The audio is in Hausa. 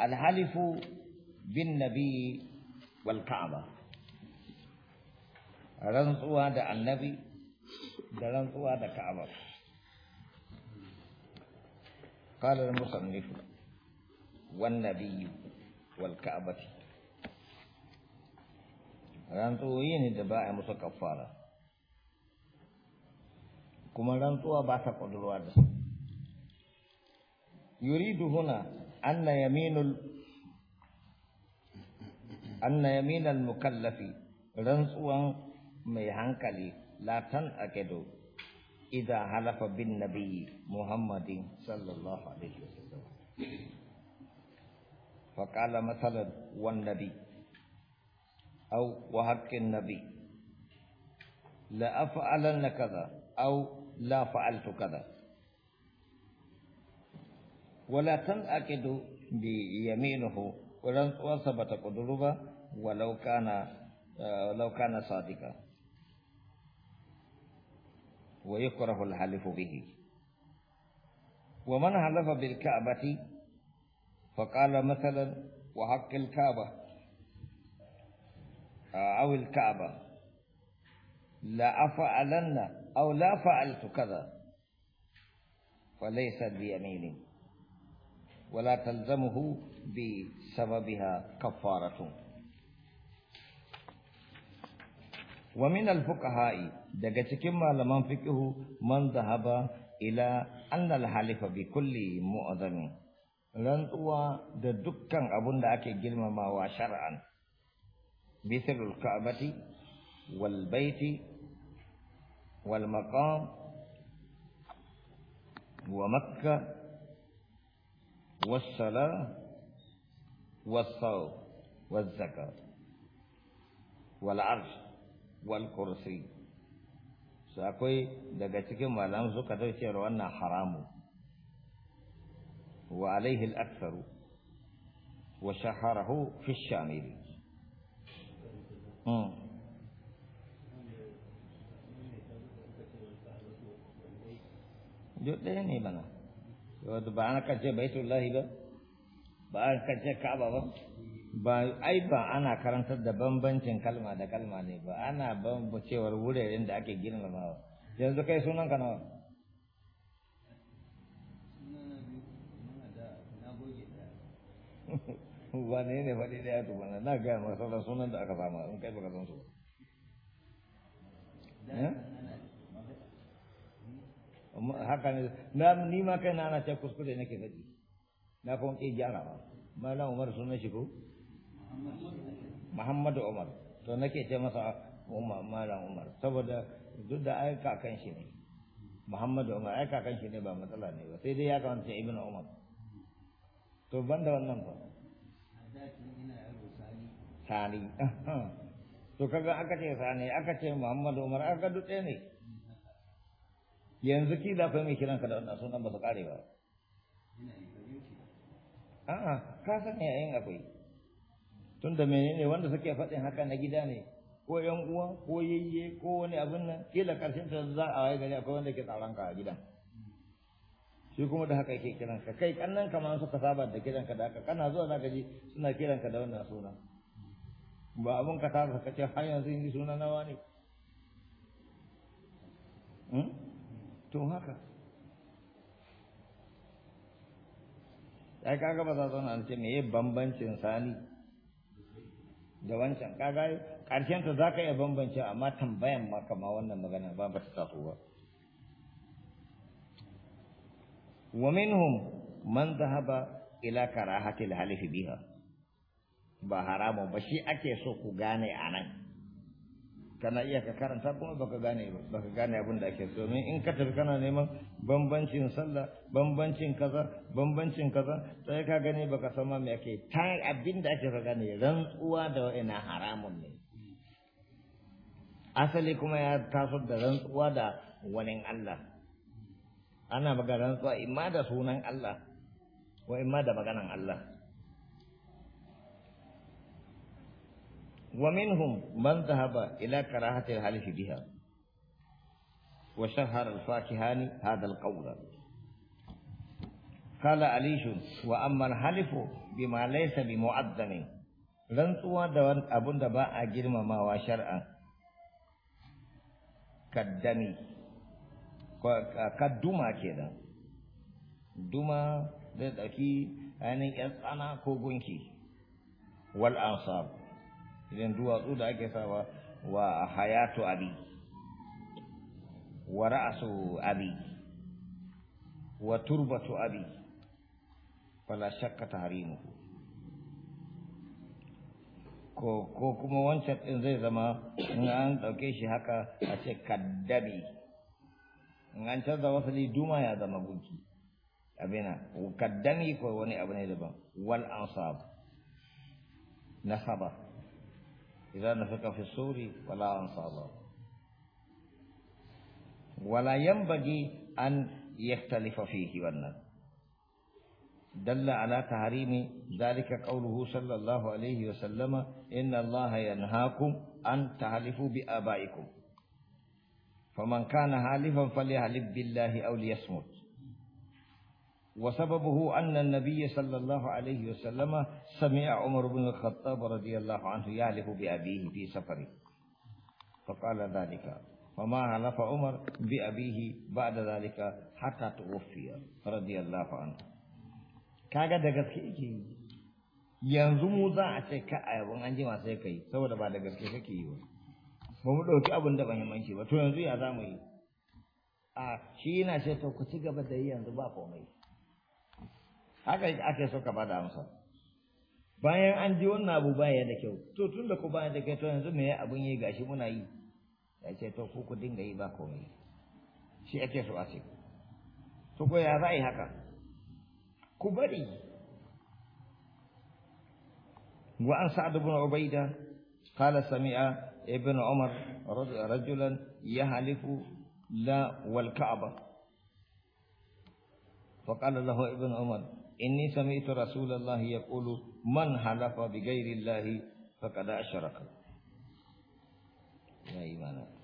الحلف بالنبي والكعبة رنطوا هذا النبي رنطوا هذا كعبة قال المصنف والنبي والكعبة رنطوا يني دباء مسكفارة كما رنطوا بعث قدروا هذا يريد هنا أن يمين ال... أن يمين المكلف رنسوا ميهانكالي لا تنأكد إذا حلف بالنبي محمد صلى الله عليه وسلم فقال مثلا والنبي أو وحق النبي لأفعلن كذا أو لا فعلت كذا ولا تنأكد بيمينه ولن ثبت قدره ولو كان ولو كان صادقا ويكره الحلف به ومن حلف بالكعبة فقال مثلا وحق الكعبة أو الكعبة لا أفعلن أو لا فعلت كذا فليس بيميني ولا تلزمه بسببها كفارة ومن الفقهاء دقتك ما لمن فقه من ذهب إلى أن الحلف بكل مؤذن لن رنطوا دكا أبن داك جلم ما وشرعا مثل الكعبة والبيت والمقام ومكة والصلاة والصوم والزكاة والعرش والكرسي سأقول دقا تكي مالام زكاة تشير وانا حرام وعليه الأكثر وشهره في الشامل مم. جو دے نہیں بنا wato ba ana kace baitullahi ba ba ana karce ka'aba ba ba ai ba ana karantar da bambancin kalma da kalma ne ba ana bambancewar wuraren da ake girmamawa yanzu kai sunan ka nawa wane ne faɗi ɗaya tukuna na ga masa sunan da aka sama in kai baka san su ba haka ne na ni ma kai na na ce kuskure nake gaji na kuma ke gyara ba malam umar sun shi ko muhammadu umar to nake ce masa malam umar saboda duk da ai kakan shi ne muhammadu umar ai kakan shi ne ba matsala ne ba sai dai ya kamata ibnu umar to banda wannan ba sani to kaga aka ce sani aka ce muhammadu umar aka duk ne yanzu ki da akwai mai kiran ka da wannan sunan ba su kare ba a'a ka san yayin akwai da menene wanda suke faɗin haka na gida ne ko yan uwa ko yayye ko wani abin nan kila karshen ta za a waye gari akwai wanda ke tsaron ka a gidan shi kuma da haka yake kiran ka kai kannan kamar suka saba da kiran ka da haka kana zuwa zaka ji suna kiran ka da wannan suna ba abun ka ta ka ce har yanzu ni suna nawa ne hmm? tun haka ai kaga ba za su na ce me bambancin sani da wancan kaga karshen ta za ka iya bambance amma tambayan ma kama wannan magana ba ba ta taso ba wa minhum man dhahaba ila karahati al-halif biha ba haramun ba shi ake so ku gane anan kana iya ka karanta kuma baka gane ba baka gane abin da ake so domin in ka tafi kana neman bambancin sallah bambancin kaza bambancin kaza sai ka gane baka san ma me ake ta abin da ake gane rantsuwa da wa'ina haramun ne asali kuma ya taso da rantsuwa da wani Allah ana magana rantsuwa imma da sunan Allah wa imma da maganan Allah ومنهم من ذهب إلى كراهة الحلف بها وشهر الفاكهان هذا القول قال عليش وأما الحلف بما ليس بمعدن لن دوان أبن دباء جرم ما وشرعا كالدم كالدما كده دما ذات أكي يعني أنا يصنع كوغنكي والأنصار irin duwatsu da ake sawa wa hayatu abi wa ra'su abi wa turbatu abi fala shakka tahrimuhu ko ko kuma wancan din zai zama in an dauke shi haka a ce kaddabi in an canza wasali duma ya zama gunki abina kaddami ko wani abu ne daban wal ansab nasaba إذا نفق في الصور ولا الله ولا ينبغي أن يختلف فيه والناس دل على تحريم ذلك قوله صلى الله عليه وسلم إن الله ينهاكم أن تحلفوا بآبائكم فمن كان حالفا فليحلف بالله أو ليصمت وسببه أن النبي صلى الله عليه وسلم سمع عمر بن الخطاب رضي الله عنه يعلف بأبيه في سفره فقال ذلك فما علف عمر بأبيه بعد ذلك حتى توفي رضي الله عنه كاغا دغت كيكي ينزو موزا عشي كأي آية وانجي ما سيكي سوى دبا دغت كيكي ومو دوكي أبن دبا يمانشي وتو ينزو يا زامي آه شينا شيتو كتيغا بدأي ينزو بابو ميه haka ake so ka bada amsa bayan an ji wannan abu baya da kyau to tun da ku baya da kyau to yanzu me abun yi gashi muna yi ya ce to ku ku dinga yi ba komai shi ake so a ce to ko ya za a yi haka ku bari wa an sa'ad ibn ubaida qala sami'a ibn umar rajulan yahlifu la wal ka'ba فقال له ابن عمر inni sami'tu rasulullah yaqulu man halafa bi ghairi llahi faqad ya